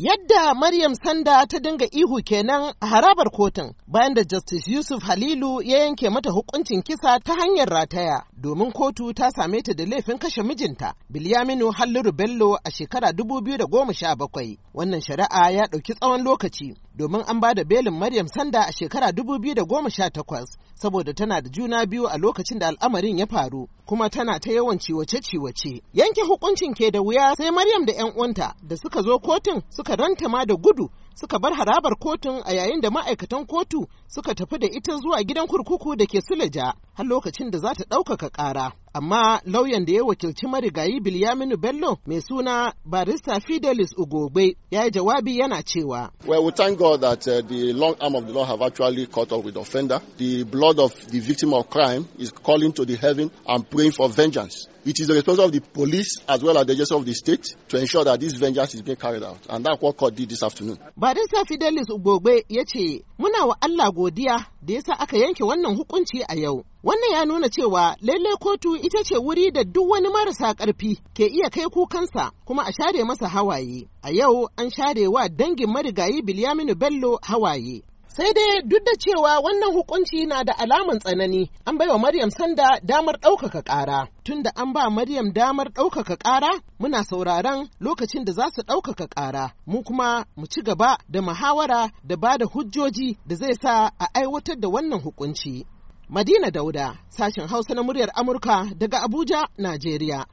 Yadda Maryam Sanda ta dinga ihu kenan a harabar kotun bayan da Justice Yusuf Halilu ya yanke mata hukuncin kisa ta hanyar rataya domin kotu ta same ta da laifin kashe mijinta Bilyaminu Halliru Bello a shekara 2017. Wannan shari'a ya ɗauki tsawon lokaci domin an ba da belin Maryam Sanda a shekara 2018 saboda tana da juna biyu a lokacin da al'amarin ya faru kuma tana ta yawan ciwace-ciwace. Yanke hukuncin ke da wuya sai Maryam da 'yan uwanta da suka zo kotun suka ranta ma da gudu suka bar harabar kotun a yayin da ma'aikatan kotu suka tafi da ita zuwa gidan kurkuku da ke Suleja har lokacin da za ta ɗaukaka ƙara. amma lauyan da ya wakilci marigayi Bilyaminu Bello mai suna barista Fidelis Ugogbe ya yi jawabi yana cewa. Well, we thank God that uh, the long arm of the law have actually caught up with the offender. The blood of the victim of crime is calling to the heaven and praying for vengeance. It is the responsibility of the police as well as the justice of the state to ensure that this vengeance is being carried out. And that's what court did this afternoon. sa Fidelis Ugbogbe ya ce, Muna wa Allah godiya da yasa aka yanke wannan hukunci a yau. Wannan ya nuna cewa lallai kotu ita ce wuri da duk wani marasa ƙarfi ke iya kai kukansa kuma a share masa hawaye. A yau an share wa dangin marigayi Bilyaminu Bello hawaye. sai dai duk da cewa wannan hukunci na da alaman tsanani an baiwa maryam sanda damar ɗaukaka ƙara tunda an ba maryam damar ɗaukaka ƙara muna sauraron lokacin da za su ɗaukaka ƙara mu kuma mu ci gaba da muhawara da ba da hujjoji da zai sa a aiwatar da wannan hukunci madina dauda sashen hausa na muryar amurka daga abuja najeriya